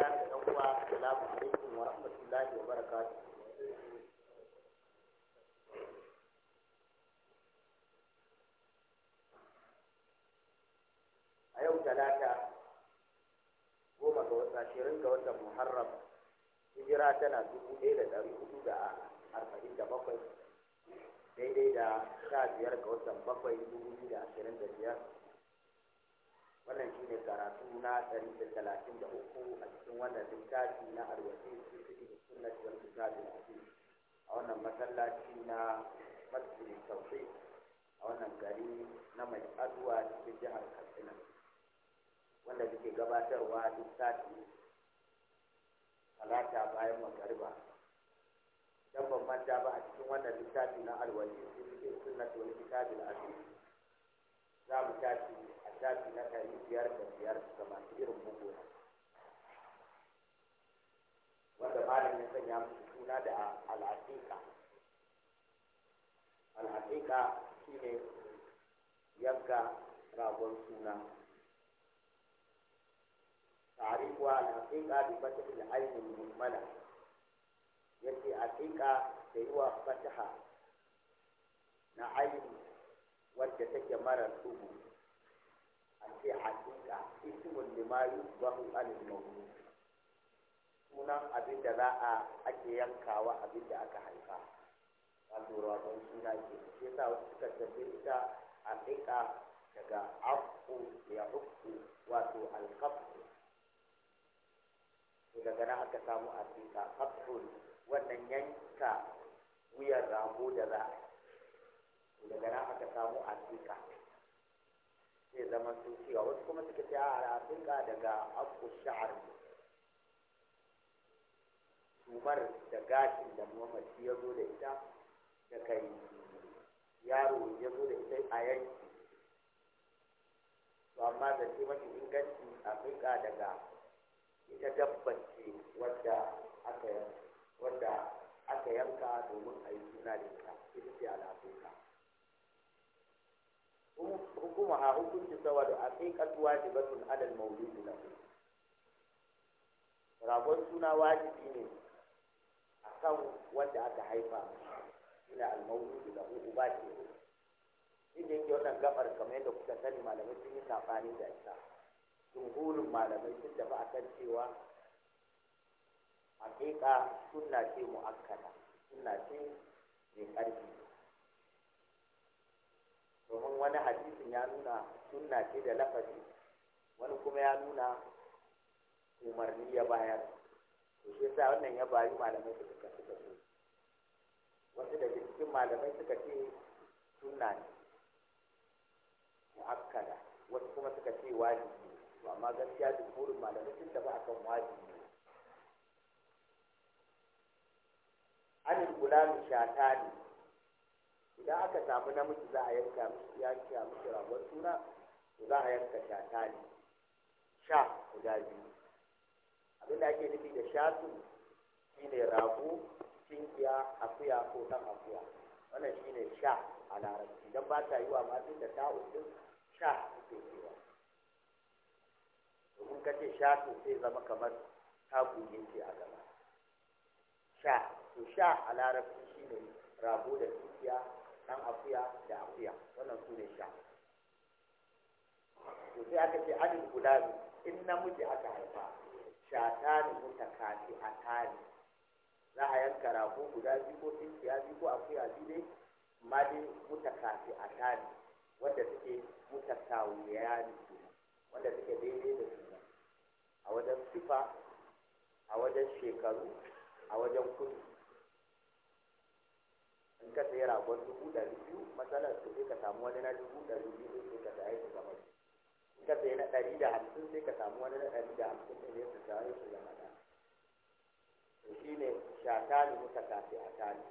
bayan da ɗan uwa assalamu alaikum a yau talata goma ga tana dubu ɗaya da ɗari hudu da arba'in da bakwai daidai da sha biyar ga watan bakwai dubu biyu da ashirin da biyar wannan shi ne karatu na 133 a cikin wannan littafi na alwasi su fi sunnati wal kitabi a wannan masallaci na masjid tauhid a wannan gari na mai aduwa cikin jihar katsina wanda suke gabatarwa littafi talata bayan magariba dan ban manta ba a cikin wannan littafi na alwali sun fi sunnati wal kitabil aziz za mu tashi shafi na ɗari biyar da biyar da masu irin bugona wanda malam ya sanya musu suna da al'aƙiƙa al'aƙiƙa ne yanka ragon suna ta'arifuwa al'aƙiƙa bi ainihin ainin mujmala yace aƙiƙa da yi wa fataha na aini wadda take marar tsubu ce hakika ismun za a ake yankawa abin aka haifa wato rabon daga aqu ya uku wato samu hakika yanka wuyan aka samu sai zama sun cewa wasu kuma suka ce a rafinka daga abu sha'ar tumar da gashin da muhammad ya zo da ita da kai yaro ya zo da ita a yanki to amma da ce mafi inganci a afirka daga ita dabbace wadda aka wadda aka yanka domin a yi suna da ita ita ce al'afirka ha hukunci sawa da aqiqatu wajibatun alal na lahu ragon suna wajibi ne kan wanda aka haifa ina al na lahu uba ce inda yake wannan gabar kamar yadda kuka sani malamai sun yi safani da ita jumhurin malamai sun tafi a kan cewa aqiqa sunna ce mu'akkada sunna ce mai ƙarfi domin wani hadisin ya nuna sunna ce da lafazi wani kuma ya nuna umarni ya bayar to shi yasa wannan ya bayu malamai suka suka da su wasu daga cikin malamai suka ce sunna ne mu'akkada wasu kuma suka ce wajibi to amma gaskiya jumhurin malamai sun tafi akan wajibi anil shata ne. idan aka samu namiji za a yanka yanka mishi ragon suna to za a yanka shata ne sha guda biyu abin da ake nufi da shatu shine rago cinkiya akuya ko ɗan akuya wannan shine sha a larabci idan ba ta yi wa matan da ta din sha suke cewa domin ka ce shatu sai zama kamar tagu ce a gaba sha to sha a larabci shine rago da dukiya ɗan akuya da akuya wannan su ne sha to sai aka ce adil gulami in namiji aka haifa shatani kafi a tani za a yanka rago guda biyu ko tsinkiya biyu ko akuya biyu dai amma dai kafi a tani wanda suke mutatawiya ne wanda suke daidai da juna a wajen sifa a wajen shekaru a wajen kudu in ka sayi ragon dubu ɗari biyu matsalar su sai ka samu wani na dubu ɗari biyu sai ka sayi su gaba in ka sayi na ɗari da hamsin sai ka samu wani na ɗari da hamsin ɗin sai ka sayi su gaba ɗaya to shi ne shatani muka kafi a tani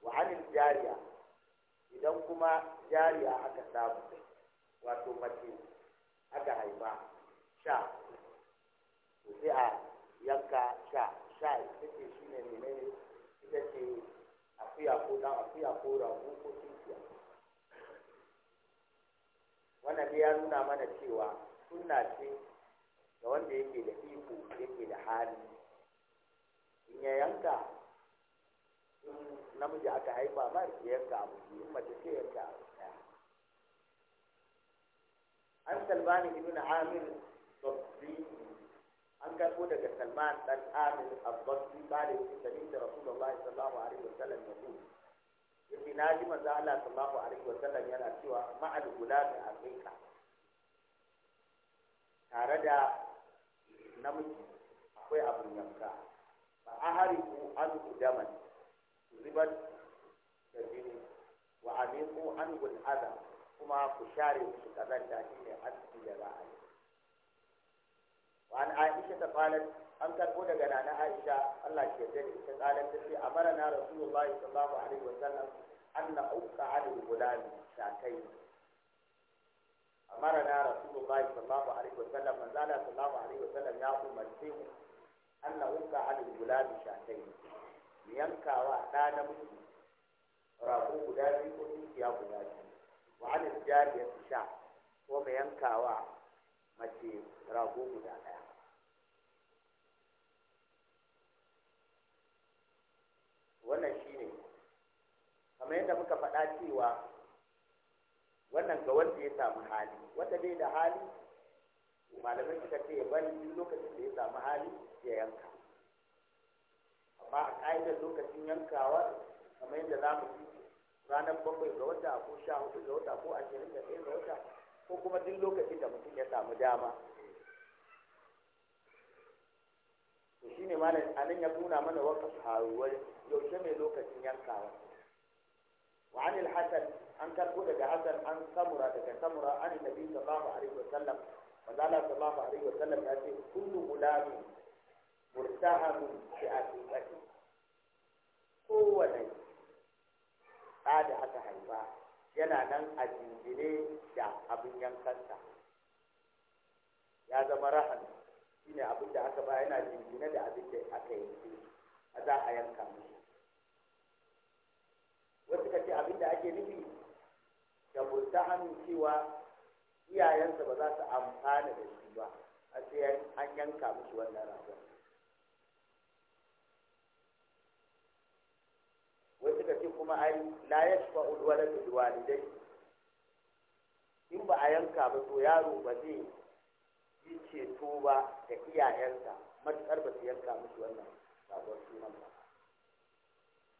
wa anil jariya idan kuma jariya aka samu wato mace aka haifa sha to sai a yanka sha sha ita ce shi ne menene ita ce akuya ko dan akuya ko wannan dai ya nuna mana cewa sunna ce ga wanda yake da iko yake da hali in ya yanka in namiji aka haifa ma ya yanka abu in mace ce yanka abu an salmani ibn amir sabbi an karbo daga salman dan amin abbasi kare shi da nita rasulullahi sallallahu alaihi wasallam ya ku yace na ji manzo Allah sallallahu alaihi wasallam yana cewa ma'al gulami aqiqa tare da namiji akwai abin yanka fa ku an daman ribat da jini wa amiku an gul kuma ku share shi kazanta shine aski da ra'ayi وعن عائشة قالت أن تكون جنانا عائشة الله شهدني قالت تشي أمرنا رسول الله صلى الله عليه وسلم أن نعوق عن الغلام شاكين أمرنا رسول الله صلى الله عليه وسلم من زال صلى الله عليه وسلم يأخذ مرسيه أن نعوق عن الغلام شاكين لينكا وأحدانا مسلم rago guda biyu ko dukiya guda biyu wa alif jariyar sha ko mai yankawa mace rago guda ɗaya kamar yadda muka faɗa cewa wannan ga wanda ya samu hali wata dai da hali malamai suka ce ya bari duk lokacin da ya samu hali ya yanka amma a ƙa'idar lokacin yankawa kamar yadda za mu ji ranar bakwai ga wata ko sha hudu ga wata ko ashirin da ɗaya ga wata ko kuma duk lokacin da mutum ya samu dama to shine malam anan ya nuna mana waka haruwar yaushe mai lokacin yankawa وعن الحسن أن تقول لك حسن أن سمرة لك سمرة عن النبي صلى الله عليه وسلم فقال صلى الله عليه وسلم يأتي كل غلام مرتهم بأسيبته هو نبي هذا حتى حيبا yana nan a jinjire da abin yankansa ya zama rahan shine abin da aka ba yana jinjire da abin da aka yanke za a yanka mishi ta amincewa iyayensa ba za su amfana da shi ba a sai an yanka musu wannan ragon wasu suka ce kuma ai la yashfa ulwala bil walidai in ba a yanka ba to yaro ba zai yi ceto ba da iyayensa matukar ba su yanka musu wannan ragon sunan ba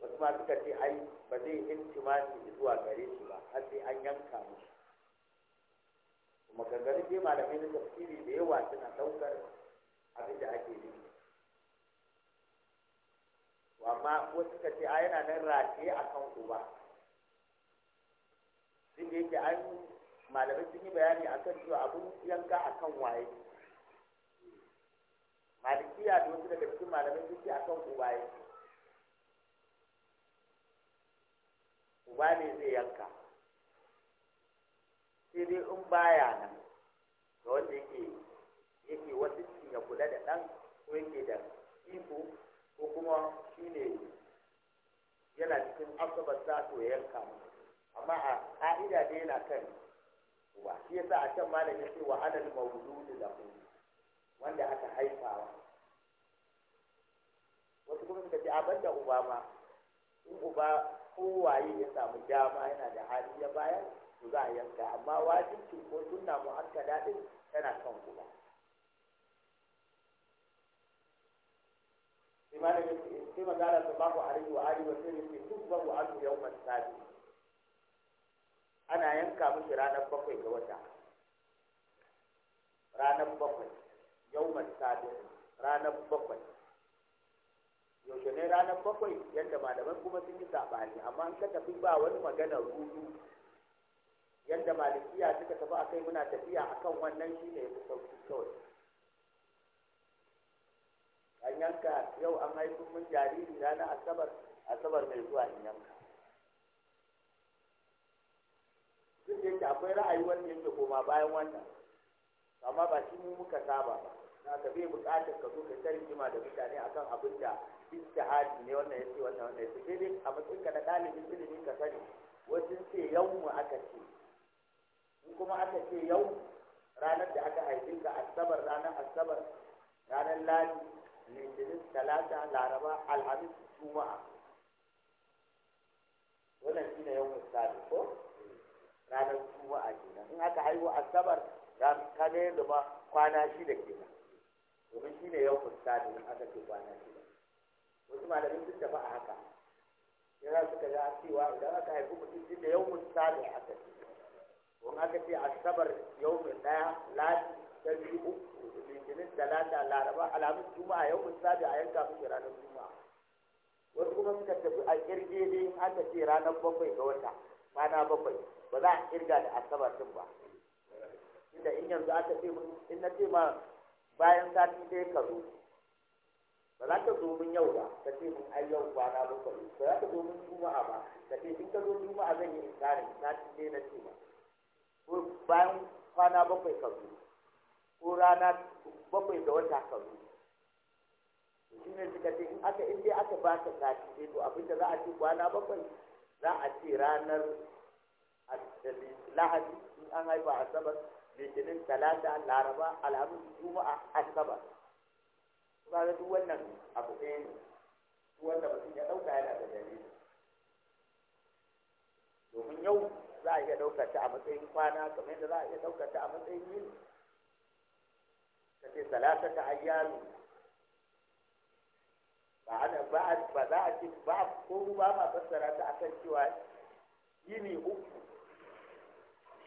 wasu ma suka ce ai ba zai intimati zuwa gare shi ba har sai an yanka musu maganganun ke malamai na tafsiri da yawa suna ɗaukar abin da ake nufi amma wasu suka ce a yana nan rataye a kan uba duk da yake an malamai sun yi bayani a kan cewa abin yanka a kan waye malikiya da wasu daga cikin malamai sun ce a kan uba yake uwa ne zai yanka sai dai in baya nan ga wanda yake yake wasu ya kula da ɗan ko yake da iko ko kuma shi ne yana cikin asabar za su ya yanka amma a ƙa'ida dai yana kan wa shi yasa a can malam ya ce wa alal da ku wanda aka haifawa wasu kuma suka ce a banda uba ma in uba kowaye ya samu dama yana da hali ya bayar to za a yanka amma wajibcin ko sunna mu hakka din tana kan kula imanin sai magana su babu alaihi wa alihi wa sai ke duk babu azu yawman sabi ana yanka miki ranar bakwai ga wata ranar bakwai yau yawman sabi ranar bakwai yaushe ne ranar bakwai yadda malaman kuma sun yi saɓani amma in ka tafi ba wani magana rudu yadda malikiya suka tafi a kai muna tafiya akan wannan shi ne ya sauki kawai an yanka yau an haifin mun jariri ranar asabar asabar mai zuwa in yanka duk da yake akwai ra'ayi wanda yake koma bayan wannan amma ba shi mu muka saba ba na ka bai bukatar ka zo ka ta rigima da mutane akan abin da istihadi ne wannan yace wannan wannan yace dai a matsayin ka da dalibin ilimin ka sani wasu ce yawmu aka ce in kuma aka ce yau ranar da aka haife ka asabar ranar asabar ranar ladi litinin talata laraba alhamis juma'a wannan shine yau sabi ko ranar juma'a kenan in aka haihu asabar ranar kane da ba kwana shida kenan domin shine yau sabi in aka ce kwana shida wasu malamin duk da ba a haka yana suka ga cewa idan aka haifi mutum duk da yau mun sami a kai wani aka ce asabar yau mun daya lati ta biyu litinin talata laraba alamun juma'a yau mun sami a yanka muke ranar juma'a wasu kuma suka tafi a kirge ne aka ce ranar bakwai ga wata kwana bakwai ba za a kirga da asabar din ba inda in yanzu aka ce mun in na ce ma bayan sati ɗaya ka zo ba za ka zo mun yau ba ka ce mun ai yau kwana bakwai ba za ka zo min juma'a ba ka ce in ka zo juma'a zan yi na ci ne na ce ba ko bayan kwana bakwai ka zo ko rana bakwai da wata ka zo shi ne suka ce in aka in dai aka ba ka sati ne to abin da za a ce kwana bakwai za a ce ranar lahadi in an haifa asabar litinin talata laraba alhamis juma'a asabar kaga duk wannan abu ɗaya ne wanda mutum ya ɗauka yana da dalili domin yau za a iya ɗaukar ta a matsayin kwana kamar yadda za a iya ɗaukar ta a matsayin yini kace salata ta ayyalu ba ana ba ba za a ce ba ko ba ma fassara ta akan cewa yini uku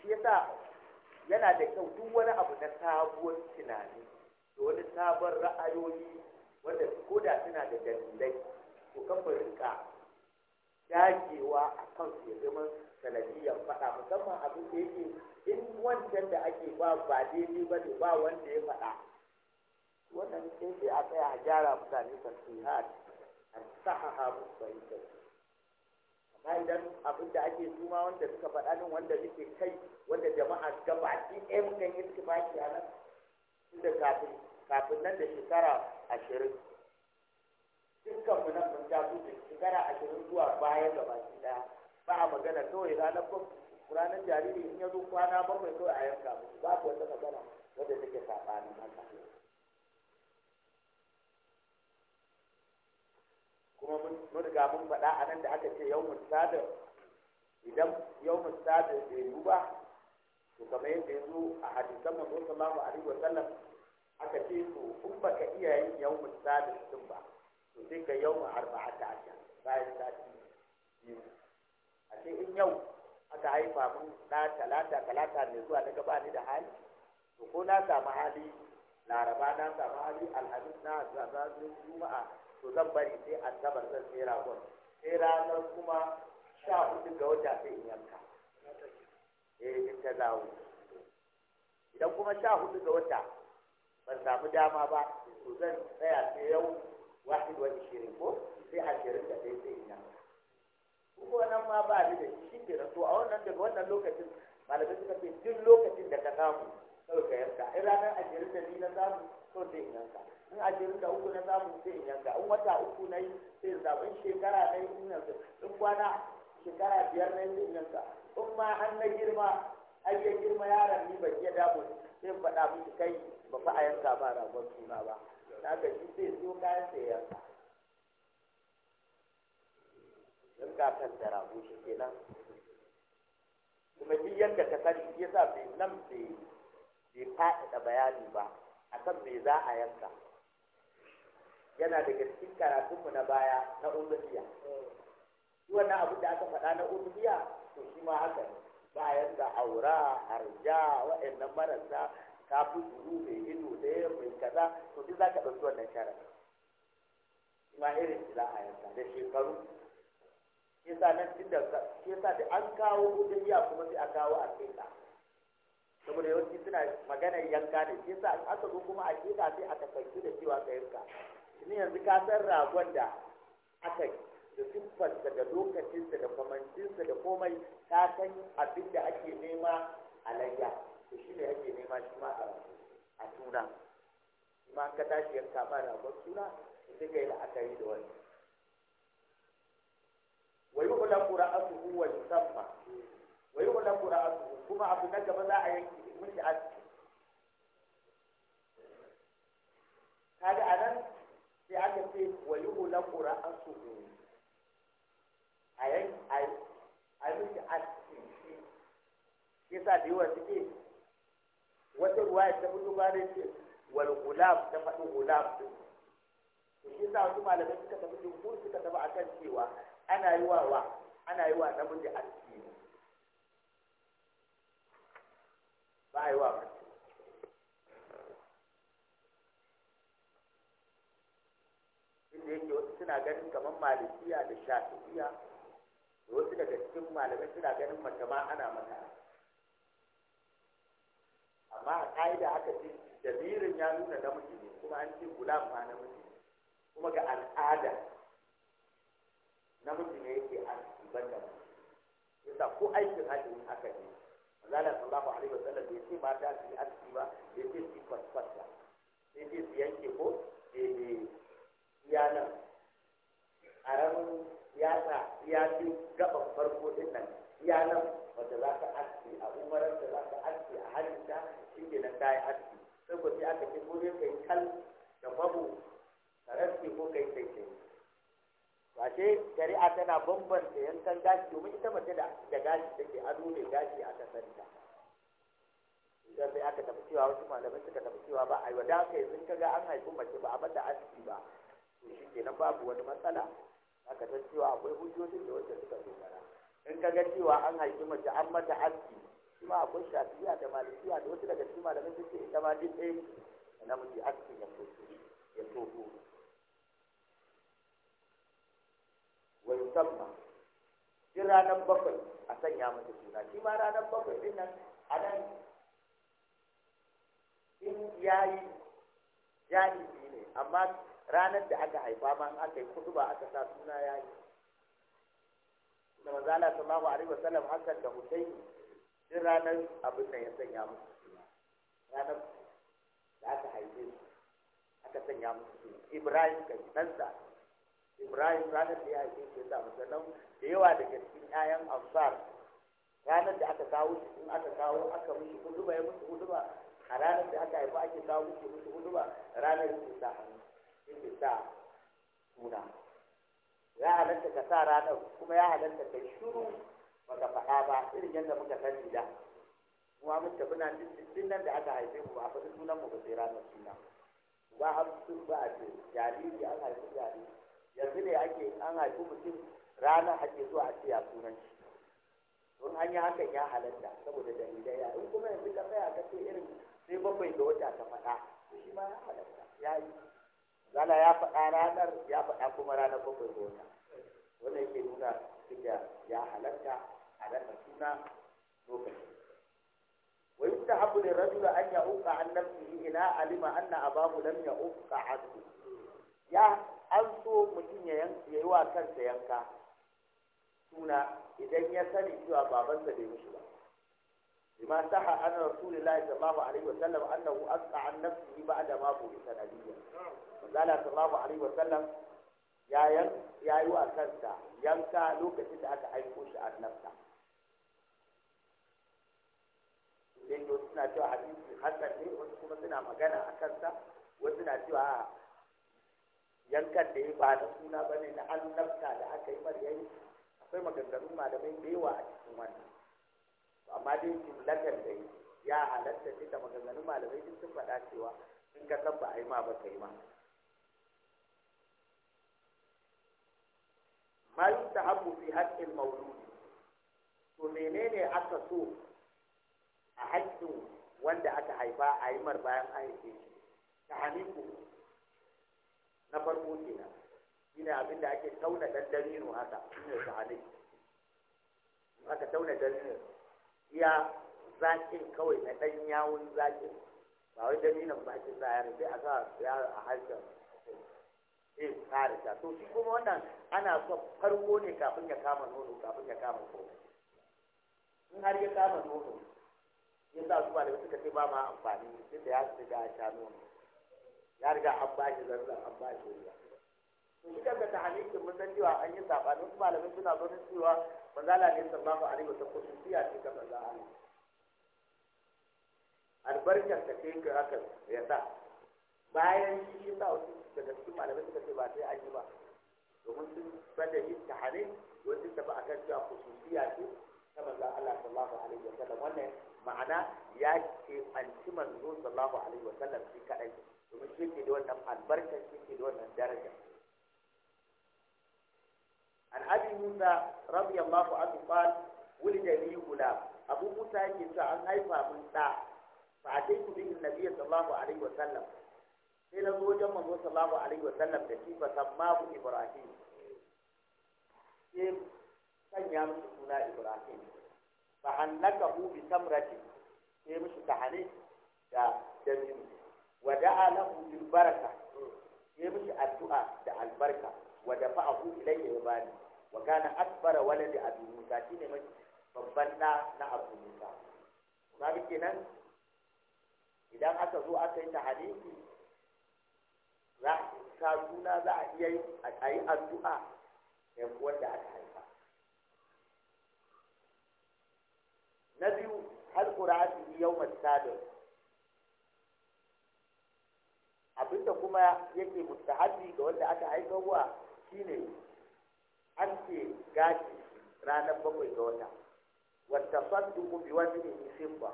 shi yasa yana da kyau duk wani abu na sabuwar tunani da wani sabon ra'ayoyi wanda ko da suna da dalilai ko kan rinka dagewa a kan su ya zama sanadiyyar faɗa musamman abin da yake in wancan da ake ba ba daidai ba ne ba wanda ya faɗa wannan sai sai a tsaya a gyara mutane tasihat a sahaha musu fahimtar amma idan abin da ake suma wanda suka faɗa nan wanda suke kai wanda jama'a gaba ɗaya mutane ba baki a nan da kafin kafin nan da shekara ashirin dukkan mu nan mun taso da shekara ashirin zuwa baya gaba ki daya ba a magana kawai ranar ranar jariri in ya zo kwana bakwai kawai a yanka mu ku wata magana wadda take saɓanin haka kuma mun riga mun faɗa a nan da aka ce yau mun sada idan yau mun sada bai yi ba to kamar yadda ya zo a hadisan manzo sallallahu alaihi wa sallam aka ce to in baka iya yin yawmul sadis din ba to sai ka yawmu arba'ata ashar bayan sati biyu a ce in yau aka haifa mun na talata talata mai zuwa na gaba ni da hali to ko na samu hali laraba na samu hali alhamis na zaza juma'a to zan bari sai asabar zan tsera gwamnati sai ranar kuma sha hudu ga wata sai in yanka eh in ta zawo idan kuma sha hudu ga wata ban samu dama ba to zan tsaya sai yau wahi wa ishirin ko sai ashirin da ɗaya sai ina kuma nan ma ba ni da shi ke to a wannan daga wannan lokacin malamai suka ce duk lokacin da ka samu kawai ka yanka in ranar ashirin da ni na samu to sai in yanka in ashirin da uku na samu sai in yanka in wata uku na yi sai in samu in shekara na yi in yanka in kwana shekara biyar na yin ɗinsa in ma har na girma ai ya girma yaron ni ba ke damu sai faɗa miki kai ba fa a yanka ba ragon suna ba na ga shi zai so kayan sai yanka ka kan da rago shi kenan kuma shi yadda ka sani shi yasa bai nan bai bai faɗaɗa bayani ba akan me za a yanka yana daga cikin karatunmu na baya na umarniya wannan abin da aka faɗa na uluhiyya to shi ma haka ne bayan da aura harja waɗannan marasa kafin zuru mai ido ɗaya mai kaza to duk za ka ɗauki wannan sharaɗin ma irin shi za a yanka da shekaru shi sa nan tun da shi sa da an kawo uluhiyya kuma sai a kawo a aƙiƙa saboda yawanci suna maganar yanka ne shi sa aka zo kuma a aƙiƙa sai aka fahimci da cewa ka yanka ni yanzu ka san ragon da aka yi da siffarsa da lokacinsa da kwamancinsa da komai ta san abin da ake nema a layya da shi ne ake nema shi ma a suna ma ka tashi yan kama da abin suna ta ka yi la'akari da wani wa yi kula kura asuhu wani musamman wa yi kula kura asuhu kuma abu na gaba za a yanki mishi aski kaga anan sai aka ce wa yi kula kura asuhu yasa da yawa suke wata ruwa ta tafi ba da ce wal gulam ta faɗi gulam din to shi yasa wasu malamai suka tafi jumhur suka tafi akan cewa ana yi wa wa ana yi wa namiji aski ba a yi wa mace inda yake wasu suna ganin kamar malikiya da shafi'iya wasu daga cikin malamai suna ganin mace ma ana mata amma a ƙa'ida aka ce jamirin ya nuna namiji ne kuma an ce gulam ma namiji kuma ga al'ada namiji ne yake a ban da mutum yasa ko aikin hajji ne aka ne Allah sallallahu alaihi wa sallam bai ce mata su yi arziki ba bai ce su kwaskwasa sai ce su yanke ko daidai eh, eh, iyalan a ya yatsa ya ce gaban farko din nan iyalan wanda za ka aski a umarar da za ka aski a halitta shi ke nan ta yi aski saboda aka ce ko ne kai kal da babu ka raske ko kai kai kai ce shari'a tana bambanta yankan gashi domin ita mace da da gashi take ado ne gashi a kasanta idan sai aka tafi cewa wasu malamai suka tafi cewa ba a yi wada aka sun ka ga an haifi mace ba a mata aski ba to shi kenan babu wani matsala aka san cewa akwai hujjojin ka ga cewa an haifi mace an mata aski ma akwai shafiya da malikiya da wasu daga cikin malamai sun ce ita ma duk ɗaya na mace aski ya soso ya soso wa yusamma shi ranar bakwai a sanya mata suna shi ma ranar bakwai din nan a nan in yayi janibi ne amma ranar da aka haifa ma an aka yi kudu ba aka sa suna yayi da manzala sallallahu alaihi wasallam hasan da Husaini duk ranar abin da ya sanya musu suna ranar da aka haife su aka sanya musu suna Ibrahim kai ɗansa Ibrahim ranar da ya haife su ya sa musallam da yawa daga cikin 'ya'yan Ansar ranar da aka kawo shi in aka kawo aka musu huduba ya musu huduba a ranar da aka haifa ake kawo musu musu huduba ranar yake sa hannu yake sa suna ya halatta ka sa ranar kuma ya halatta ka shuru baka faɗa ba irin yadda muka sani da kuma mun tafi nan duk nan da aka haife mu ba a faɗi sunan mu ba sai ranar suna ba a sun ba a ce jariri an haifi jariri yanzu ne ake an haifi mutum ranar ake zuwa a ce ya sunan shi don an yi hakan ya halatta saboda dalilai ya in kuma yanzu ka tsaya ka ce irin sai bakwai ga wata ta faɗa shi ma ya halatta ya yi rana ya faɗa ranar ya faɗa kuma ranar bakwai ga wata wannan yake nuna cikin ya halatta a rasa suna lokaci wa rasu da an ya'uqa an nafsihi ina alima na abahu lam a anhu ya an so mutum ya yi wa kansa yanka suna idan ya sani cewa babansa bai mushi ba بما صح عن رسول الله صلى الله عليه وسلم أنه أسقى عن نفسه بعد ما بعث نبيا وقال صلى الله عليه وسلم يا ين يا يو أكنت ينكا لوكتي دا shi عن نفسه sai suna cewa hadisi hasan ne wasu kuma suna magana a kansa wasu na cewa yankan da ya ba na suna bane na annabta da aka yi mar akwai maganganun malamai da yawa a cikin wannan amma dai jimlatar da yi ya halatta shi da maganganun malamai duk sun faɗa cewa in ka san ba a yi ma ba ka yi ma Mayu ta haku fi haƙƙin mauludi to menene aka so a haƙƙin wanda aka haifa a yi mar bayan an haife shi ta haniku na farko kenan ne abin da ake tauna dan dalilin haka ne ta haniku aka tauna dalilin iya zakin kawai na ɗan yawun zakin ba wai dalilin bakin za sai rufe a sa yaro a harshen Eh karisa to shi kuma wannan ana so farko ne kafin ya kama nono kafin ya kama nono in har ya kama nono ya sa su ba da suka ce ba ma amfani duk da ya su da sha nono ya riga an ba shi zarra an ba shi ruwa to shi daga ta halittar mun san cewa an yi saɓanin su malamin suna ganin cewa manzo Allah ne sallallahu alaihi wasallam ko siya ce ga manzo Allah albarkar ta kai ga haka ya sa bayan shi ya sa wasu daga cikin malamai suka ce ba sai an yi ba domin sun sanda yin tahare wasu tafi a kan cewa kususiya ce ta manzan Allah sallallahu alaihi wa wannan ma'ana ya ce anci manzo sallallahu alaihi wa sallam shi kaɗai domin shi ke da wannan albarkar shi ke da wannan daraja an Yusa, musa radiyallahu anhu qal wulida li gulam abu musa yake cewa an haifa mun da fa ataitu bihi nabiyyi sallallahu alaihi wa sallam sai na zo wajen manzo sallallahu alaihi wa sallam da shi fa sammahu ibrahim sai sanya musu suna ibrahim fa hannakahu bi tamrati sai musu tahani da baraka sai musu addu'a da albarka wa dafa'ahu ilayhi wa bani wa kana akbara waladi abi musa shine mai babban da na abu musa kuma kenan idan aka zo aka yi tahadisi za a sa suna za a iya yi a addu'a ga wanda aka haifa na biyu hal qura'ati yawm abinda kuma yake mustahabi ga wanda aka haifa wa shine an ce gashi ranar bakwai ga wata wata sadduku kubi wani ne simba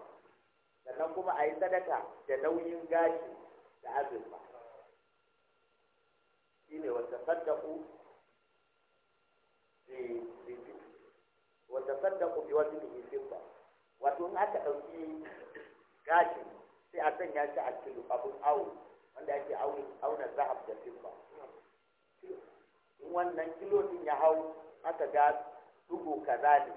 sannan kuma a yi sadaka da nauyin gashi da azurfa shine wata saddaku wata ku bi wani ne simba wato in aka ɗauki gashi sai a sanya shi a cikin abun awo wanda ake auna zahab da simba wannan kilo din ya hau aka ga dugu kaza ne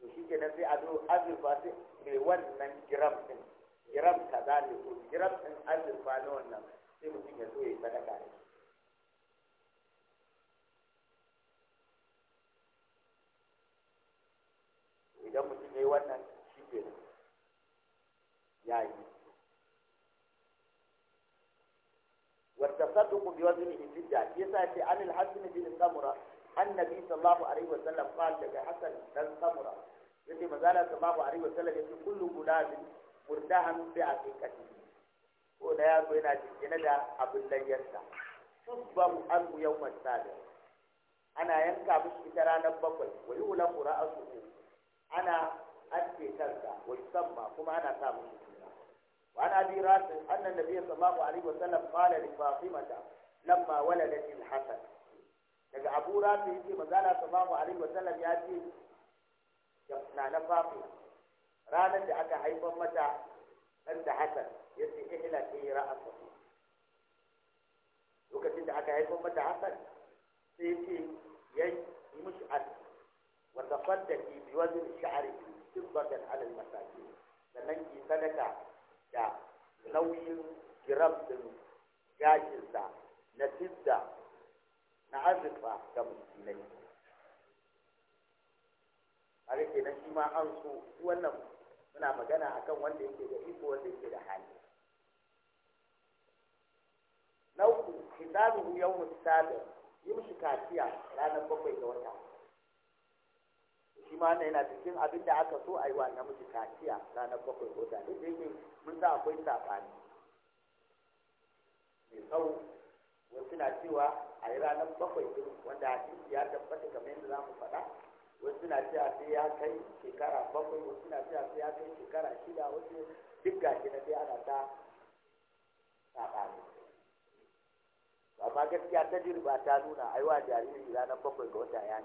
to shi nan sai a zo azurfa sai mai wannan giram din giram kaza ne ko giram din azurfa na wannan sai mutum ya zo ya yi sadaka ne idan mutum ya yi wannan shi nan ya yi tasadduqu bi waznihi fidda yasa ce an al-hasan bin samura annabi sallallahu alaihi wasallam qala daga hasan dan samura yace manzala sallallahu alaihi wasallam yace kullu gulabin murdahan bi aqiqati ko da yaro yana cikin da abin layyarsa mu anhu masu sabi ana yanka mishi ita ranar bakwai wa yulamu ra'asuhu ana aske kansa wa yusamma kuma ana sa mishi وعن أبي راسل أن النبي صلى الله عليه وسلم قال لفاطمة لما ولدت الحسن daga abu rafi yake manzala sallallahu alaihi wasallam ya ce na na fafi ranar da aka haifar mata dan da hasan ya ce ihla ki ra'asa lokacin da aka haifa mata hasan sai ce yayi yi mishi ad wa tafaddaki bi wazn sha'ri tibbatan ala al-masakin sannan ki sadaka da nauyin giram din gashinsa na fidda na azurfa ga musulmai a rike na shi ma an so wannan muna magana a kan wanda yake da iko wanda yake da hali na uku hisabuhu yawmus sabi yimshi kafiya ranar bakwai ga wata shi ma wannan yana cikin abin da aka so a yi wa namiji kaciya ranar bakwai ko da duk yake mun sa akwai saɓani mai tsawo wasu na cewa a yi ranar bakwai ɗin wanda hadisi ya tabbata kamar yadda za mu faɗa wasu na cewa sai ya kai shekara bakwai wasu na cewa sai ya kai shekara shida wasu duk shi na dai ana ta saɓani amma gaskiya ta jirba ta nuna aiwa jariri ranar bakwai ga wata ya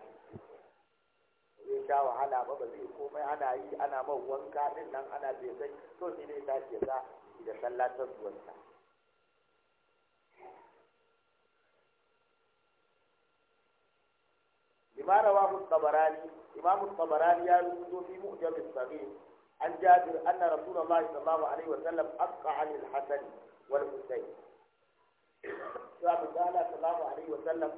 zai sha wahala ba ba zai komai ana yi ana man wanka din nan ana zai to shi ne ta ce za da sallah ta zuwanta limara wa mutabarani imam mutabarani ya rubuto fi mu'jam as-sagir an jabir anna rasulullahi sallallahu alaihi wa sallam aqqa al-hasan wal-husayn sallallahu alaihi wa sallam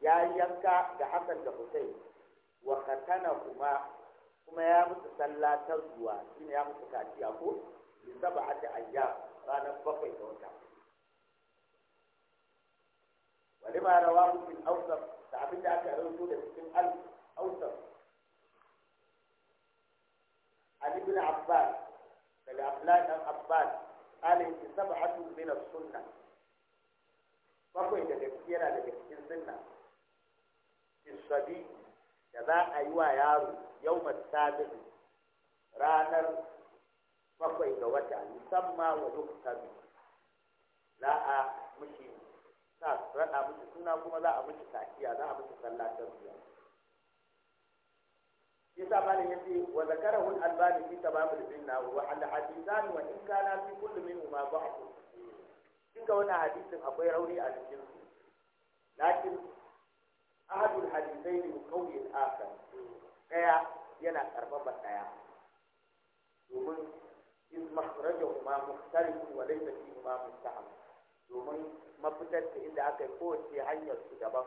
ya yanka da Hassan da Hussein wa katana kuma kuma ya musu sallah ta zuwa shine ya musu kaciya ko bi sab'ati ayya ranar bakwai da wata walima rawahu fil awsaf da abin da aka rawaito da cikin al awsaf Ali bin Abbas daga Abdullahi dan Abbas قال إن سبعة من السنة فقل إذا كثيرا cikin سنة isabi da za a yi wa yaro yau matsabin ranar bakwai ga wata musamman wa yuktami za a mushi sa raɗa mushi suna kuma za a mushi takiya za a mushi sallah ta ba yasa ya ce wa zakarahu al-albani fi tamam al-binna wa hada hadisan wa in kana fi kulli minhuma ba'd ga wani hadisin akwai rauni a cikin su lakin ahadul hadisai ne kauli al'akar ɗaya yana ba ɗaya domin in makhrajahu ma mukhtalifun wa laysa fi ma mustaham domin mafitar da inda aka yi kowace hanyar su daban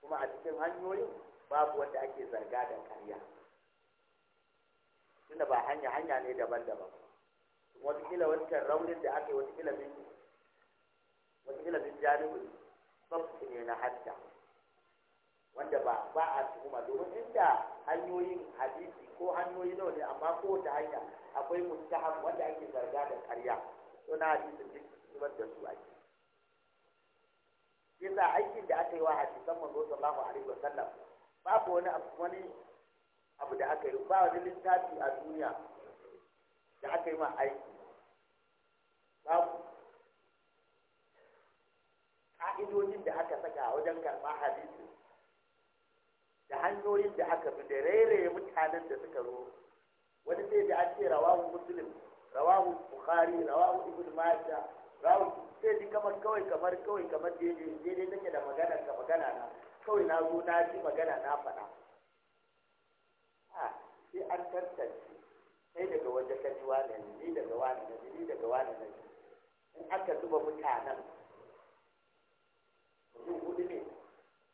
kuma a cikin hanyoyin babu wanda ake zarga da karya tunda ba hanya hanya ne daban-daban watakila wancan raunin da aka yi watakila min watakila min jaribin sabbi ne na hajja. wanda ba ba a tuhuma domin inda hanyoyin hadisi ko hanyoyi nawa ne amma kowace hanya akwai mustahab wanda ake zarga da karya to na hadisin duk zubar da su ake yasa aikin da aka yi wa hadisan manzo sallallahu alaihi wa sallam babu wani abu wani abu da aka yi ba wani littafi a duniya da aka yi ma aiki babu ka'idojin da aka saka wajen karɓa hadisi da hanyoyin da aka fi da rairaye mutanen da suka zo wani sai da ake ce rawahu muslim rawahu bukhari rawahu ibn majah rawahu sai ji kamar kawai kamar kawai kamar daidai daidai nake da magana ka magana na kawai na zo na ji magana na faɗa a ah, sai an tantance sai daga waje ka ji wani ne ni daga wani ne ni daga wani ne in aka zuba mutanen mutum hudu ne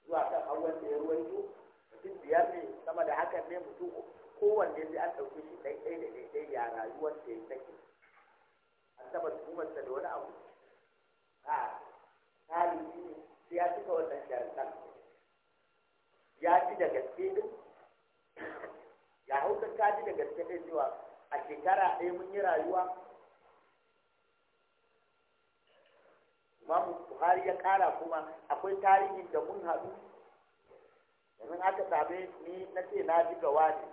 zuwa kan hawan da ya ruwaito mutum biyar ne sama da hakan ne mutum kowanne sai an ɗauki shi ɗai ɗai da ɗai ya rayuwar da ya take an taɓa tuhumarsa da wani abu a tarihi ne sai ya cika wannan sharuɗan ya ji da gaske ɗin ya hausa ka ji da gaske ɗin cewa a shekara ɗaya mun yi rayuwa Imam Buhari ya ƙara kuma akwai tarihin da mun haɗu domin aka same ni na ce na ji gawa ne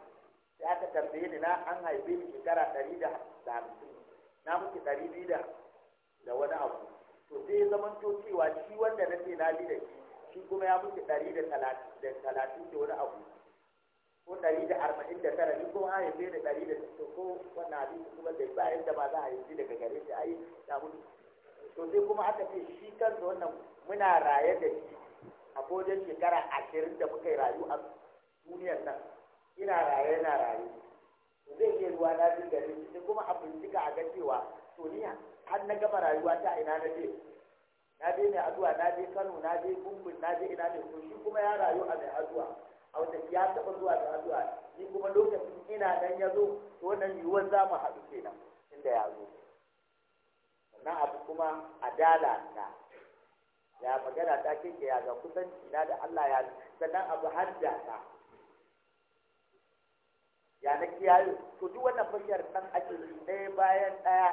sai aka tambaye ni na an haife ni shekara ɗari da hamsin na muke ɗari biyu da da wani abu to sai ya zama to cewa shi wanda na ce na ji da shi shi kuma ya muke ɗari da talatin da wani abu ko ɗari da arba'in da tara ni ko an haife ni ɗari da sittin ko wannan abin kuma da ba yadda ba za a yanzu daga gare shi ai ya mutu to sai kuma aka ce shi kansa wannan muna raye da shi a wajen shekara ashirin da muka yi rayu a duniyar nan ina raye yana raye zai iya ruwa na bin gari sai kuma a bincika a ga cewa to ni har na gama rayuwa ta ina na je na je mai azuwa na je kano na je gungun na je ina ne to shi kuma ya rayu a mai azuwa a wata ya taɓa zuwa da azuwa ni kuma lokacin ina nan ya zo to wannan yiwuwar za mu haɗu kenan inda ya zo Wannan abu kuma adala na ya magana ta kinke ya ga kusanci na da Allah ya sannan abu hadda ta ya na kiyaye to duk wannan fashiyar dan ake yi ɗaya bayan ɗaya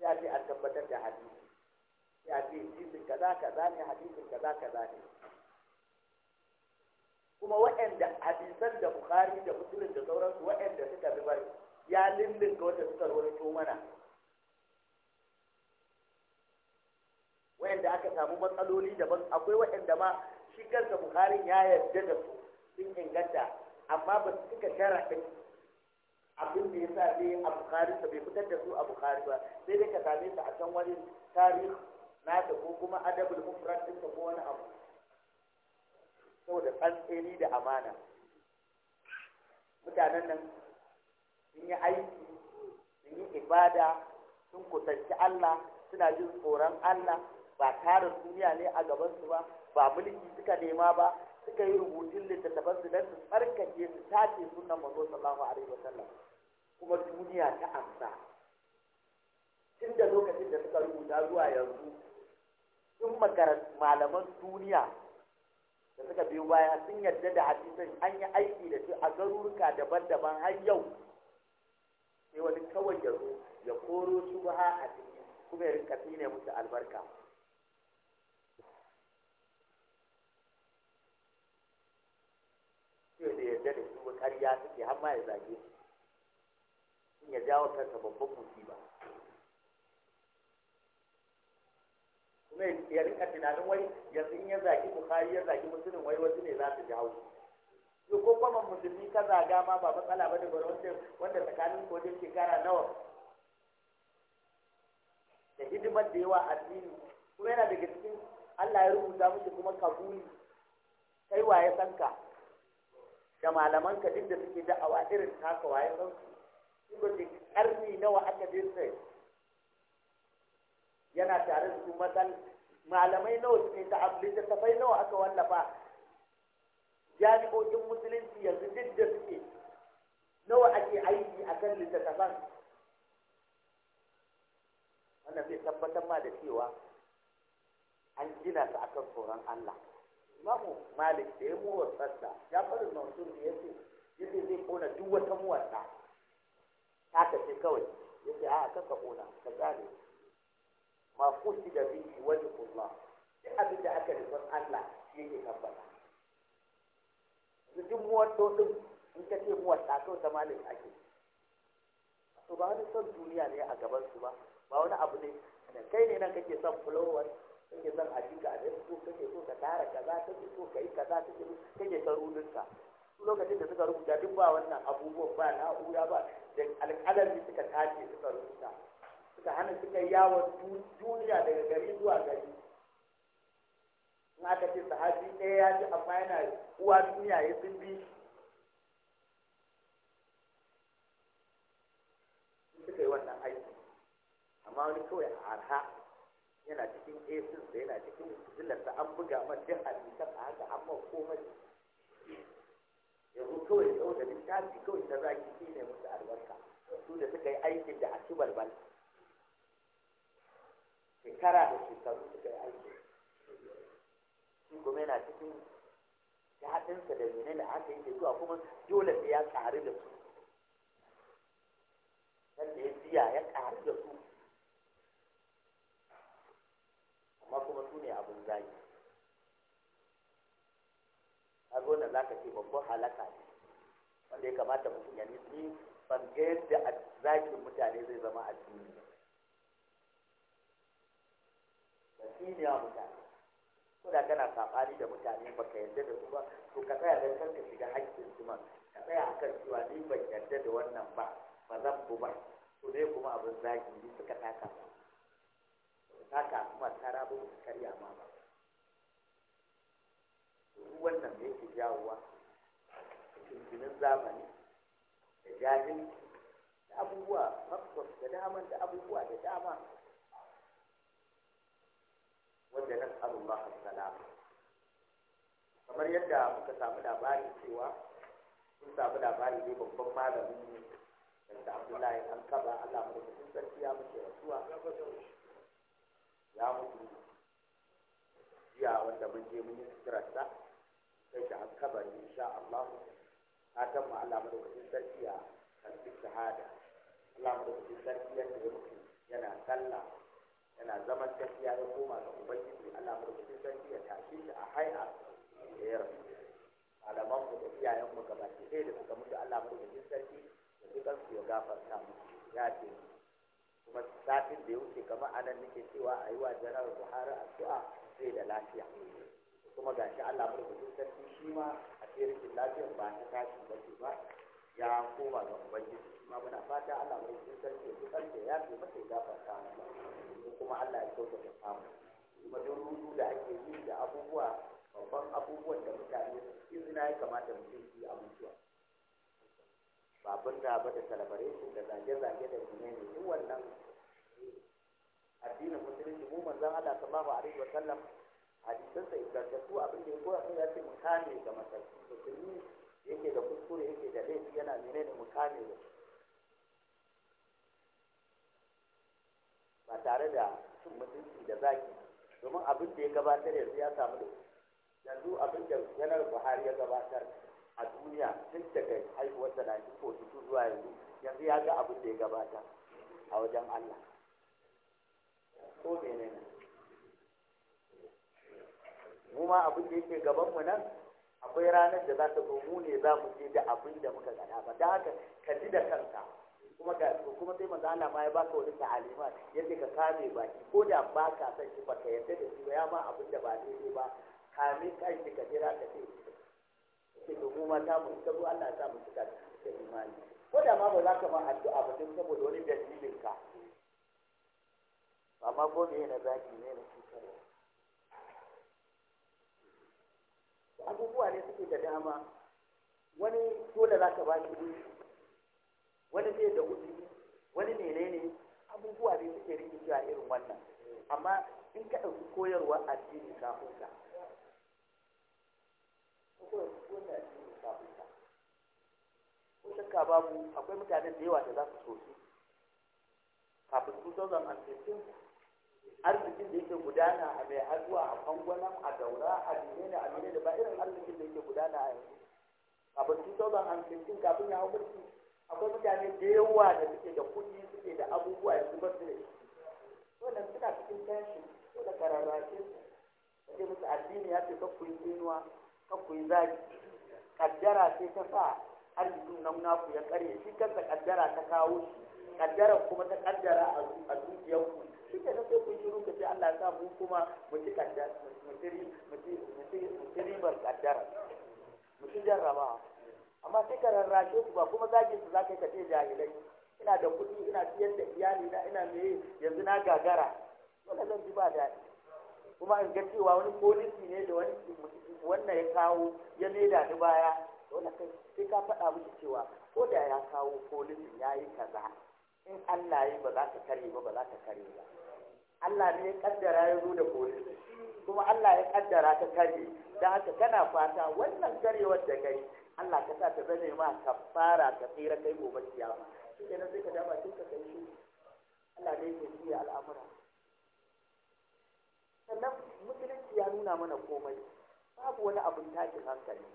ya ce an tabbatar da hadisi ya ce hadisin kaza kaza ne hadisin kaza kaza ne kuma waɗanda hadisan da Bukhari da Muslim da sauransu waɗanda suka bi bari ya ga wanda suka rawaito mana matsaloli daban akwai waɗanda ma shi kansa buhari ya yarda da su sun inganta amma ba su cika sharaɗin abin da ya sa ne a bukari sa bai fitar da su a bukari ba sai dai ka same su a can wani tarihi na ta ko kuma adabul mufrad ta ko wani abu saboda tsantseni da amana mutanen nan sun yi aiki sun yi ibada sun kusanci Allah suna jin tsoron Allah ba tarin duniya ne a gabansu ba ba mulki suka nema ba suka yi rubutun littattafansu don su tsarkake su tace sunan manzo sallallahu alaihi wasallam kuma duniya ta amsa tun da lokacin da suka rubuta zuwa yanzu sun makarantu malaman duniya da suka biyo baya sun yarda da hadisan an yi aiki da su a garuruka daban-daban har yau sai wani kawai ya ya koro ba a ciki kuma ya rinka ne musu albarka ƙarya suke har ma ya zage in ya jawo kansa babban musiba kuma ya rika tunanin wai yanzu in ya zage bukari ya zage musulun wai wasu ne za su ji haushi to ko kuma musulmi ka zaga ma ba matsala ba da bari wanda tsakanin kodin shekara nawa da hidimar da yawa addini kuma yana daga cikin Allah ya rubuta miki kuma kabuli kai wa ya sanka da malaman ka duk da suke da'awa irin taka waye san su ko ce karni nawa aka sai yana tare da su matan malamai nawa suke ta ta tafai nawa aka wallafa jami'o'in musulunci yanzu duk da suke nawa ake aiki a kan littattafan wannan zai tabbatar ma da cewa an gina su akan tsoron Allah imamu malik da ya muwa sassa ya faru mansur ne ya ce yace zai kona duk wata muwatta ta tafi kawai ya a a'a ka kona ka gane ma kusi da wani kuma duk abin da aka rufin Allah shi yake tabbata duk muwatto din in ka ce ta kawai ta malik ake to ba wani son duniya ne a gaban su ba ba wani abu ne da kai ne nan kake son fulowar kake son a jika da ko kake so ka tara kaza kake so ka yi kaza kake so kake ka Su lokacin da suka rubuta duk ba wannan abubuwan ba na'ura ba da alƙalami suka tace suka rubuta suka hana suka yawon duniya daga gari zuwa gari in aka ce sahabi ɗaya ya ji amma yana uwa duniya ya sun bi suka yi wannan aiki amma wani kawai a arha yana cikin asus sa yana cikin zillarsa an buga man duk a a haka amma komai yanzu kawai da ɗauka littafi kawai ta zaki shi ne musu albarka su da suka yi aikin da a ci balbal shekara da shekaru suka yi aikin shi kuma yana cikin daɗinsa da mene da aka yi zuwa kuma dole sai ya ƙari da su wanda ya biya ya ƙari da su amma kuma su ne abin zagi a wannan za ka ce babban halaka ne wanda ya kamata mutum ya nufi ban ga yadda zagi mutane zai zama cikin ba shi ne wa mutane ko da kana saɓani da mutane ba ka yadda da su ba to ka tsaya don kanka shiga haƙƙin su ma ka tsaya a kan cewa ni ban yadda da wannan ba ba zan bu ba to dai kuma abin zagi ni suka taka ba ta kasu ba ta rabo karya ma ba duk wannan da yake jawowa tuntunin zamani da jahil da abubuwa mafkos da daman da abubuwa da dama wanda na tsarin ba salama kamar yadda muka samu labari cewa sun samu labari ne babban malamin ne da abdullahi an kaba allah mu da sarki ya mace rasuwa ya mutu jiya wanda mun je mun yi sirarsa sai shi an kabari insha Allah ta mu Allah madaukakin sarki ya karbi shahada Allah madaukakin sarki yadda ya mutu yana sallah yana zaman tafiya ya koma ga ubangiji Allah madaukakin sarki ya tashi shi a hai'a da ya rasu malaman mu da iyayen mu gaba ɗaya da suka mutu Allah madaukakin sarki da dukansu ya gafarta mu ya ce kuma da ya wuce kamar anan nake cewa a yi wa janar buhari addu'a sai da lafiya kuma ga shi allah mulkin sarki shi ma a cikin lafiyar ba ta tashi ba ba ya koma ga ubangiji shi ma muna fata allah mulkin sarki ya kusan da ya fi mace ya gafarta kuma allah ya ta samu kuma don rudu da ake yi da abubuwa babban abubuwan da mutane izina ya kamata mutum su yi abubuwa ba da ba da celebration da zage-zage da ne duk wannan addinin musulunci mu manzo Allah sallallahu alaihi wa sallam hadisan sa ingantattu abin da ya koya sai ya ce mu ga masallaci musulmi yake da kuskure yake da laifi yana menene mu kame da ba tare da cin mutunci da zaki domin abin da ya gabatar yanzu ya samu da yanzu abin da yanar Buhari ya gabatar a duniya tun daga haihuwarsa na shi ko zuwa yanzu yanzu ya ga abin da ya gabata a wajen Allah ko menene mu ma abin da yake gabanmu nan akwai ranar da za ta zo mu ne za mu je da abin da muka gada ba da haka ka ji da kanka kuma ga kuma sai manzo Allah ma ya baka wani ta'alima yadda ka kame baki ko da ba ka san shi ba ka yadda da shi ba ya ma abin da ba daidai ba kame kai ka jira ka ce ce to mu ma ta mu ta zo Allah ya sa mu cika da imani ko da ma ba za ka ma addu'a ba don saboda wani dalilin ka amma ko me na zaki ne na cutarwa abubuwa ne suke da dama wani dole za ka ba shi wani zai da uzuri wani menene abubuwa ne suke rikicewa irin wannan amma in ka ɗauki koyarwa addini kafin ka akwai wanda a cikin lissafinsa ko shakka babu akwai mutane da yawa da za su so su kafin 2015 arzikin da yake gudana a mai haduwa a kangwanan a daura a menene a menene ba irin arzikin da yake gudana a yanzu kafin 2015 kafin ya hau mulki akwai mutane da yawa da suke da kudi suke da abubuwa yanzu ba su da shi wannan suna cikin tension ko da kararrake su musu addini ya ce kakkuyi inuwa ku yi zaki. kaddara sai ta sa arzikin nan naku ya kare shi kansa kaddara ta kawo shi kaddara kuma ta kaddara a zuciyar ku shi ke sai kun shiru ka ce Allah ya sa mu kuma mu ci kaddara mu ci ribar kaddara mu ci jarrabawa amma sai ka rarrashe su ba kuma zaki su za ka yi ka ce jahilai ina da kuɗi ina siyar da iyali na ina meye yanzu na gagara dole zan ji ba daɗi kuma in ga cewa wani polisi ne da wani wannan ya kawo ya maida ni baya wannan kai sai ka faɗa miki cewa ko da ya kawo polisi ya yi kaza in Allah ya ba za ka kare ba ba za ka kare ba Allah ne ya kaddara ya zo da polisi kuma Allah ya kaddara ta kare da haka kana fata wannan karewar da kai Allah ka sa ta zame ma kafara ka tsira kai gobe kiyama shi ne sai ka dama kin ka kai shi Allah ne ke al'amura sannan musulunci ya nuna mana komai babu wani abin tashin hankali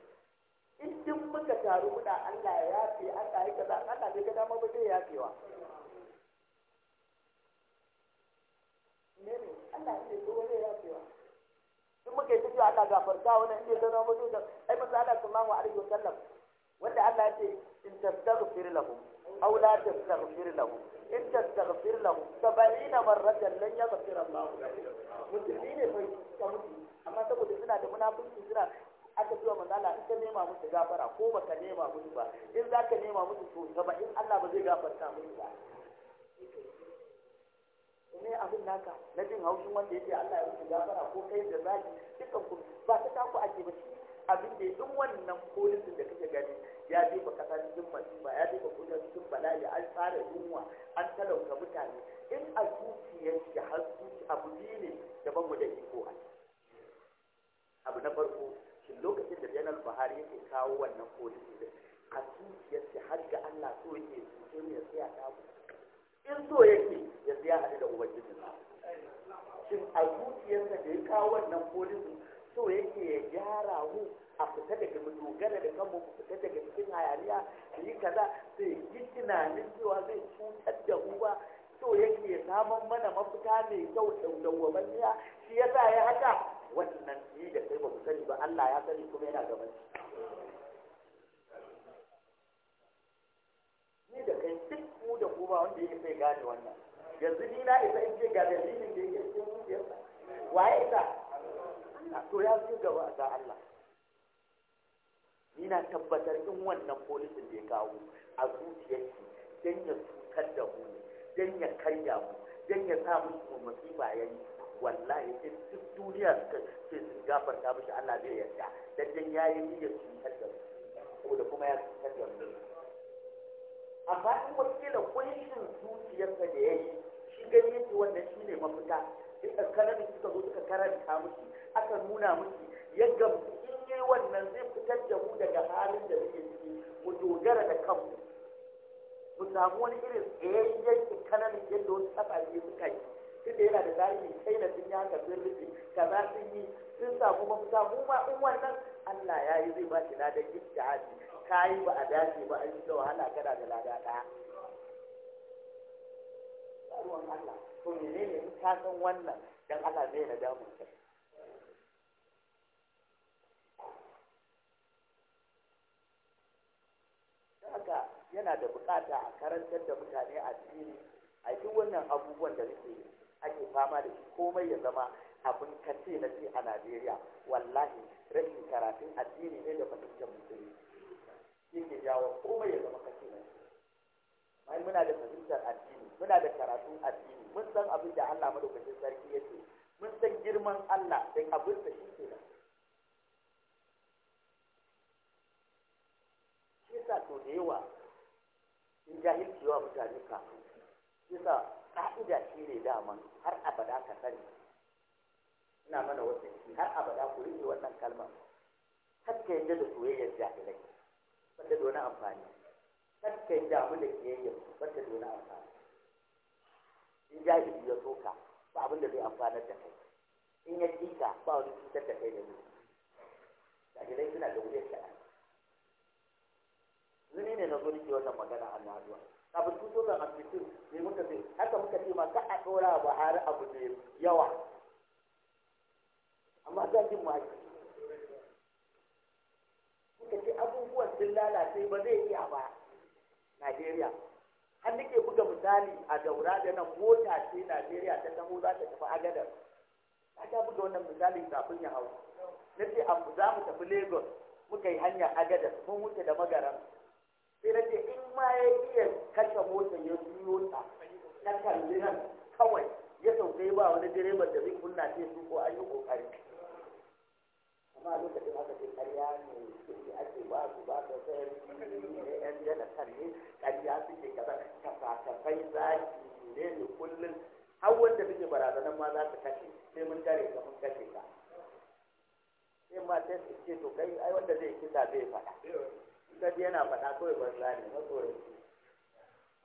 in din muka taru muna Allah ya yafe Allah ya kaza Allah bai ga dama ba zai yafewa ne ne Allah ya ko wani yafewa in muka yi tafiya Allah gafarta wannan inda ya zama mutum da ai manzo Allah sallallahu alaihi wasallam wanda Allah ya ce in tastaghfir lahum aw la tastaghfir lahum faghfir lahu 70 marratan lan yaghfir Allah lahu musulmi ne fa ka mutu amma saboda suna da munafunci suna aka zuwa manzala in ka nema musu gafara ko baka nema musu ba in za ka nema musu to gaba in Allah ba zai gafarta musu ba ne abin naka na jin haushin wanda yake Allah ya musu gafara ko kai da zaki dukan ku ba ta taku ake ba shi abin da duk wannan polisin da kake gani ya jefa kasa cikin masifa ya jefa kusa cikin bala'i an tsara yunwa an talauta mutane in a zuciyar shi har zuci abu ne daban mu da iko a abu na farko shi lokacin da janar buhari yake kawo wannan kodin da a zuciyar shi har ga allah so yake su ne ya tsaya ta ku in so yake ya tsaya haɗu da ubangiji shi a zuciyarsa da ya kawo wannan polisi so yake ya gyara mu a fita daga mu dogara da kanmu mu fita daga cikin hayaniya da yi kaza sai yi tunanin cewa zai cutar da mu ba so yake samun mana mafita mai kyau da dawwamanniya shi ya sa ya haka wannan ni da kai ba mu sani ba Allah ya sani kuma yana gaban shi ni da kai duk mu da ku ba wanda yake sai gane wannan yanzu ni na isa in ce ga dalilin da yake cikin zuciyarsa waye isa Allah to ya fi gaba ga Allah Ina tabbatar in wannan polisin da ya kawo a zuciyarki don ya cutar da mu don ya karya mu don ya sa mu musiba ya yi wallahi in duk duniya suka ce sun gafarta mishi Allah zai yarda dan yi ni niyyar cutar da mu saboda kuma ya cutar da mu amma in wakila kunshin zuciyarsa da ya yi shi gani yake wannan ne mafita in karar suka zo suka karanta mishi aka nuna mishi ya gamsu wannan zai fitar da mu daga halin da muke ciki mu dogara da kanmu mu samu wani irin tsayayyen kanan yadda wasu kasashe suka yi tunda yana da tarihi kai na sun yi haka sun rufe kaza sun yi sun samu mafita mu ma in wannan Allah ya yi zai ba shi ladan ijtihadi yi ba a dace ba an yi da wahala kana da lada ɗaya ruwan Allah to menene in ka san wannan dan Allah zai na damu kai haka yana da bukata a karantar da mutane addini a duk wannan abubuwan da suke ake fama da shi komai ya zama abin kace na ce a Najeriya wallahi rashin karatun addini ne da fahimtar musulmi yake jawo komai ya zama kace na mai muna da fahimtar addini muna da karatun addini mun san abin da Allah madaukakin sarki yake mun san girman Allah sai abin da shi ke nan so da yawa in jahilci wa mutane kafin yasa ka'ida shi ne daman har abada ka sani ina mana wasu har abada ku rike wannan kalmar kakka yadda da soyayyar jahilai wadda da wani amfani kakka yadda abin da kiyayyar yayyar wadda da wani amfani in jahilci ya soka ba abin da zai amfanar da kai in ya kika ba wani cutar da kai da ne jahilai suna da wuyar sha'ani zuni ne na zo ke wannan magana a Naduwa abin tuto da asibitin ne muka ce haka muka ce ma ka a ɗora har abu ne yawa amma ki mu ma muka ce abubuwan sun lalace ba zai iya ba Najeriya an nake buga misali a daura da nan mota ce Najeriya ta taho za ta tafi agadar ta ta buga wannan misali kafin ya hau na ce za mu tafi Lagos muka yi hanyar agadar mun wuce da magaran sai na ce in ma ya iya kashe motar ya biyo ta na kalli nan kawai ya saukai ba wani direban da zai kunna ce su ko A yi kokari amma lokacin haka ce karya ne suke ake ba su ba da sayar ne yan yana ne karya suke kaza kasafafai zaki ne ne kullum har wanda suke barazanar ma za su kashe sai mun tare ka mun kashe ka sai ma sai su ce to kai ai wanda zai kisa zai faɗa ka ji yana faɗa kawai banza ne matsorin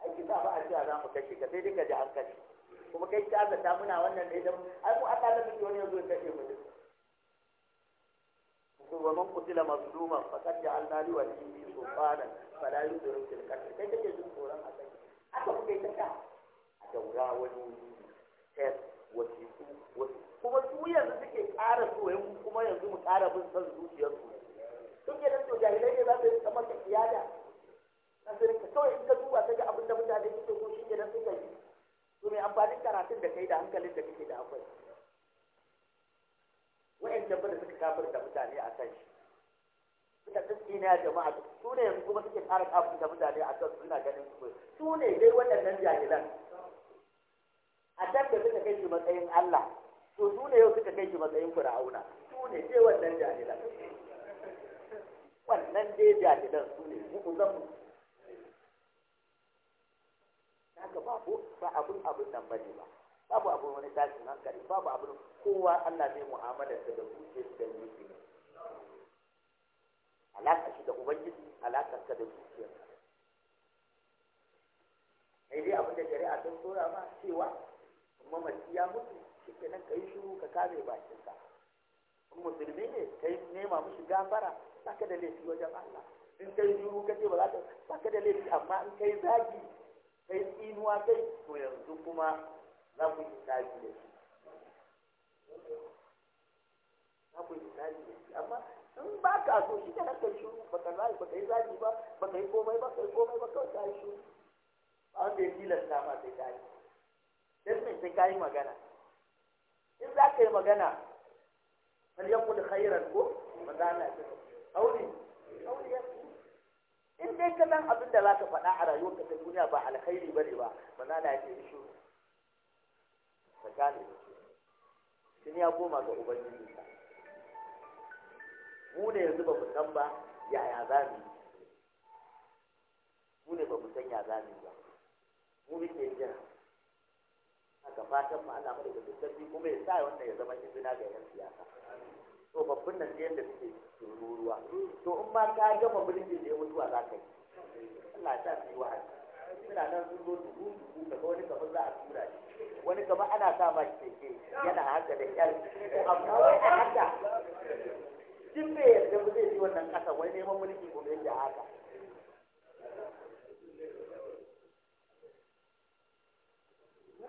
ai kisa ba a cewa za mu kashe ka sai dai ji an kashe kuma kai ta zata muna wannan ne dan ai mu Allah da muke wani yanzu ya kashe mu duk wa man qutila mazluman faqad ja'alna li waliyyi sultanan fala yudrik fil qatl kai kake jin tsoron akai aka kuka ta ka a daura wani test wasiku wasu kuma su yanzu suke ƙara so kuma yanzu mu ƙara bin san zuciyarsu duk da to jahilai ne za su yi kamar ka iyada na su rinka kawai in ka duba ta ga abin da mutane suke ko shi kenan suka yi to mai amfanin karatun da kai da hankalin da kake da akwai wa'ancan bada suka kafir da mutane a kan shi suka tsina jama'a su ne yanzu kuma suke ƙara kafin da mutane a kan suna ganin su su ne dai waɗannan jahilan a can da suka kai shi matsayin Allah to su ne yau suka kai shi matsayin fir'auna su ne dai wannan jahilan wannan dai jahilan su ne mu'uzan ga babu ba abun abun nan bane ba babu abin wani tashin hankali babu abin kowa Allah zai mu'amala ta da zuciya da zuciya alaka shi da ubangiji alaka ka da zuciya sai dai abin da shari'a ta tsora ma cewa mamaci ya mutu shi kenan ka yi shiru ka kame bakinka musulmi ne kai nema mishi gafara baka da laifi wajen Allah in kai yi ka ce ba za ka baka da laifi amma in kai zagi kai tsinuwa kai to yanzu kuma za ku yi zagi da shi za ku yi zagi da shi amma in ba ka so shi kana kai shuru ba ka zagi ba ka yi zagi ba ba ka yi komai ba ka yi komai ba kawai ka yi shiru ba wanda ya tilasta ma sai ka yi sai ka yi magana in za ka yi magana hal yakul khairan ko magana ta aure aure in dai ka san abin da za zaka faɗa a rayuwarka ta duniya ba alkhairi bane ba na magana ya ce shi tsakanin sun ya koma ga ubangiji mu ne yanzu ba mu san ba yaya za mu yi mu ne ba mu san ya za mu yi ba mu muke jira haka fatan mu Allah madaka duk sabbi kuma ya sa wannan ya zama izina ga yan siyasa to babban nan ne yadda suke ruruwa to in ma ka gama mulki da ya mutu za ka yi Allah ya sa su yi wa'azi suna nan sun zo dubu dubu daga wani kamar za a tura shi wani kamar ana sa ma shi keke yana haka da kyar amma wani haka duk bai yarda ba zai ji wannan ƙasa wani neman mulki kuma yadda haka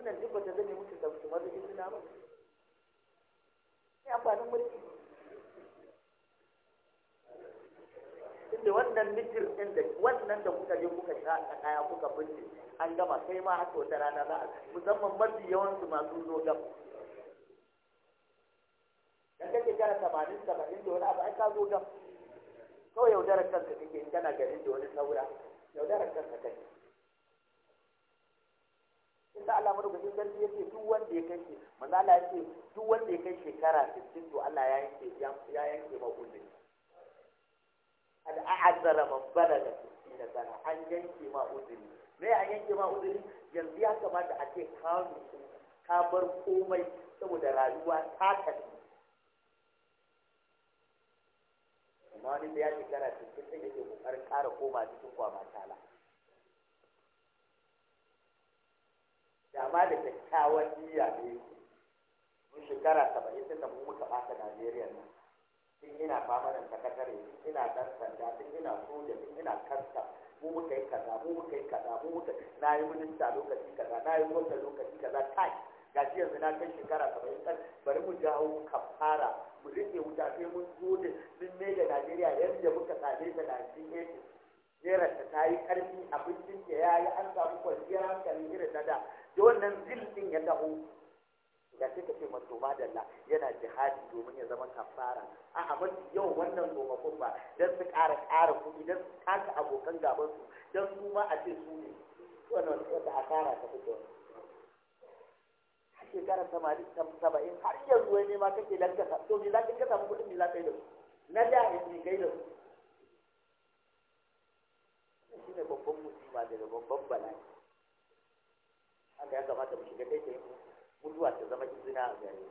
wannan duk bata zame musu da su mazu suna ba sai amfanin mulki Inda wannan mitir ɗin da wannan da kuka je kuka sha a kaya kuka binne an gama sai ma haka wata rana za a musamman mafi yawansu masu zo gab da kake gara tamanin tamanin da wani abu ai ka zo gab kawai yaudarar kanka take in kana ganin da wani saura yaudarar kanka take Allah madaukakin sarki yake duk wanda ya kai shi manzo Allah yake duk wanda ya kai shekara 60 to Allah ya yanke ya yanke ba kullun al a'azzara man balaga 60 sana an yanke ma uzuri me an yanke ma uzuri yanzu ya kamata a ce ka ka bar komai saboda rayuwa ta tafi amma da ya shekara 60 sai yake kokarin kara koma cikin kwamata la kama da kyakkyawan niyya ne mun shekara saba'in tun da mu muka ɓata najeriya nan tun ina da sakatare tun ina ɗan sanda tun ina soja tun ina kasta mu muka yi kaza mu muka yi kaza mu muka na yi minista lokaci kaza na yi gwamna lokaci kaza kai gashi yanzu na kai shekara saba'in kan bari mu jawo kafara mu rike wuta sai mun zo da mun mai da najeriya yadda muka same ta najeriya jerar ta ta yi ƙarfi abincin da ya yi an samu kwanciyar hankali irin na da da wannan zilfin ya taho ga sai ka ce mato madalla yana jihadi domin ya zama kafara a a yau wannan gomakon ba don su ƙara ƙara kuɗi don su kasa abokan gaban su don su ma a ce su ne wannan wata asara ta fito a shekarar samanin saba'in har yanzu wai ne ma kake lankasa to me za ka samu kuɗin me za ka yi da su na da in kai da su haka ya kamata mu shiga kai mutuwa ta zama izina a gare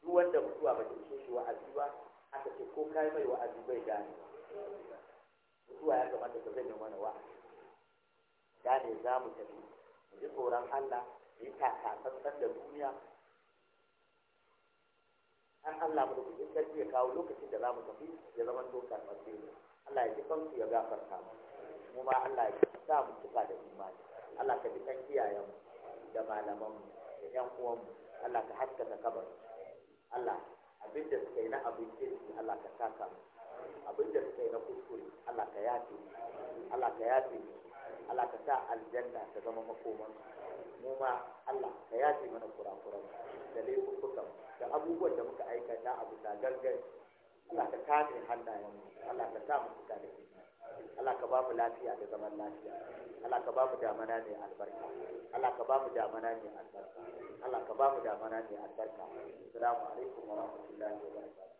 duk wanda mutuwa ba ta ishe shi wa'azi ba aka ce ko kai mai wa'azi bai gane mutuwa ya kamata ta zanya mana wa'azi gane za mu tafi mu ji tsoron Allah mu yi san da duniya an Allah mu da kuɗi sarki ya kawo lokacin da za mu tafi ya zama dokar karfafe mu Allah ya ji kansu ya gafarta mu mu ma Allah ya sa mu cika da imani Allah ka bi kan iyayen mu da malamanmu da ƴan uwanmu Allah ka haskaka kabar, Allah abin da suka yi na abin kirki Allah ka saka abin da suka yi na kuskure Allah ka yafe Allah ka yafe Allah ka sa aljanna ta zama makoman mu ma Allah ka yafe mana kurakuran da laifukan da abubuwan da muka aikata a bisa gangan Allah ka kame hannayen Allah ka sa mu fita da Allah ka ba mu lafiya da zaman lafiya Allah ka ba mu damana ne albarka Allah ka ba mu damana ne albarka Allah ka ba mu damana ne albarka assalamu alaikum wa rahmatullahi wa barakatuh